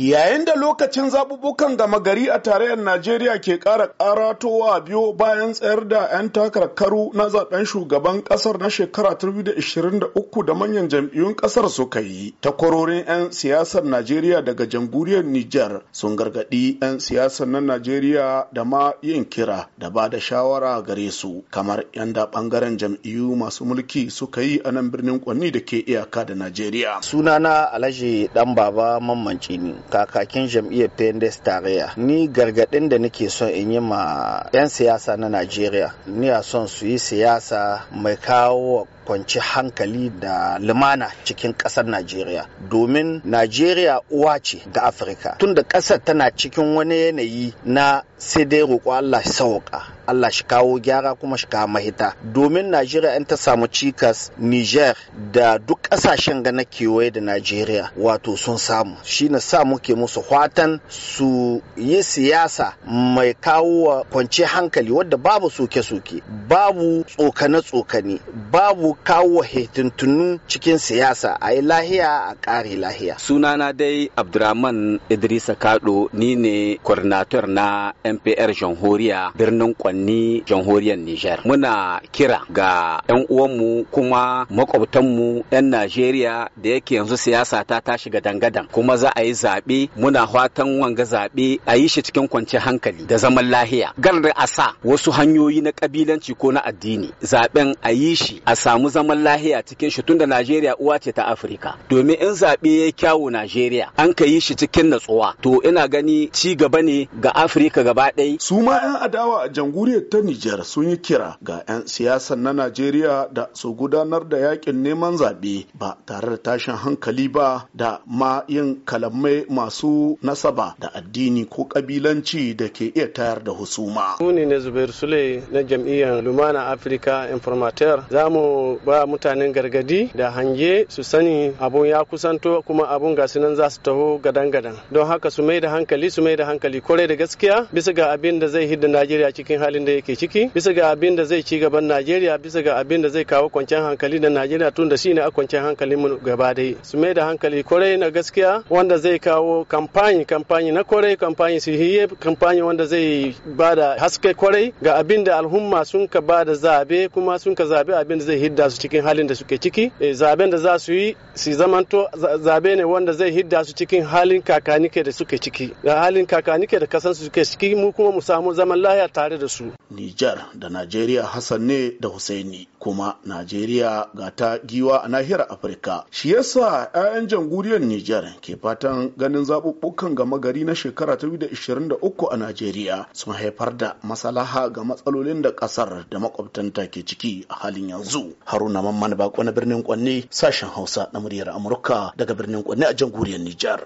yayin da lokacin zabubukan gama gari a tarayyar najeriya ke ƙara ƙaratowa biyo bayan tsayar da 'yan takarkaru na zaben shugaban ƙasar na shekara 2023 da manyan jam'iyyun ƙasar suka yi takwarorin 'yan siyasar najeriya daga jamhuriyar niger sun gargadi 'yan siyasar na najeriya da ma yin kira da ba da shawara gare su kamar yanda ɓangaren jam'iyyu masu mulki suka yi a nan birnin kwanni da ke iyaka da najeriya sunana alhaji dan baba mammanci ne kakakin jam'iyyar pendes tarayya ni gargadin da nake son in yi ma 'yan siyasa na najeriya ni a son su yi siyasa mai kawo kwanci hankali da lumana cikin ƙasar Najeriya domin Najeriya uwa ce ga Afirka tun da ƙasar tana cikin wani yanayi na sai dai roƙo Allah sauka Allah shi kawo gyara kuma shi kawo mahita domin Najeriya in ta samu cikas Niger da duk ƙasashen ga kewaye da Najeriya wato sun samu shi na sa muke musu fatan su yi siyasa mai kawo kwanci hankali wadda babu suke-suke babu tsokane-tsokane babu kawo hitintunu cikin siyasa a yi lahiya a ƙare lahiya. Sunana dai Abdurrahman Idrisa Kado ni ne coordinator na NPR Jamhuriya birnin Kwanni Jamhuriyar Nijar. Muna kira ga 'yan uwanmu kuma makwabtanmu 'yan Najeriya da yake yanzu siyasa ta tashi ga dangadan kuma za a yi zaɓe muna fatan wanga zaɓe a yi shi cikin kwanciyar hankali da zaman lahiya. Gar a sa wasu hanyoyi na ƙabilanci ko na addini zaɓen a yi shi a samu samu zaman lahiya cikin shi tunda Najeriya uwa ce ta Afirka. Domin in zaɓe ya kyawu Najeriya an ka yi shi cikin natsuwa to ina gani ci gaba ne ga Afirka gaba ɗaya. Su ma 'yan adawa a jamhuriyar ta Nijar sun yi kira ga 'yan siyasan na Najeriya da su gudanar da yakin neman zaɓe ba tare da tashin hankali ba da ma yin kalamai masu nasaba da addini ko kabilanci da ke iya tayar da husuma. Mu ne Zubairu Sule na jam'iyyar Lumana Afirka Informateur za mu ba mutanen gargadi da hange su sani abun ya kusanto kuma abun ga nan za su taho gadan-gadan don haka su mai da hankali su mai da hankali kore da gaskiya bisa ga abin da zai hidda najeriya cikin halin da yake ciki bisa ga abin da zai ci gaban najeriya bisa ga abin da zai kawo kwanciyar hankali da najeriya tun da shi ne a kwanciyar hankalin mu gaba dai su mai da hankali kore na gaskiya wanda zai kawo kamfani kamfani na kore kamfani su hiye kamfani wanda zai bada haske kore ga abin da al'umma sun ka bada zabe kuma sun ka zabe abin da zai hidda hidda su cikin halin da suke ciki e, zaben da za su yi su zamanto zabe ne wanda zai hidda su cikin halin kakanike da suke ciki ga halin kakanike da kasan su suke ciki mu kuma mu samu zaman lahiya tare da su Nijar da Najeriya Hassan ne da Husaini kuma Najeriya ga ta giwa a nahiyar Afirka shi yasa 'ya'yan jamhuriyar Nijar ke fatan ganin zaɓuɓɓukan gama gari na shekara ta 2023 a Najeriya su haifar da masalaha ga matsalolin da kasar da makwabtanta ke ciki a halin yanzu Haruna Mamman Bako na birnin Kwanne sashen Hausa na muryar Amurka daga birnin Kwanne a jamhuriyar Nijar.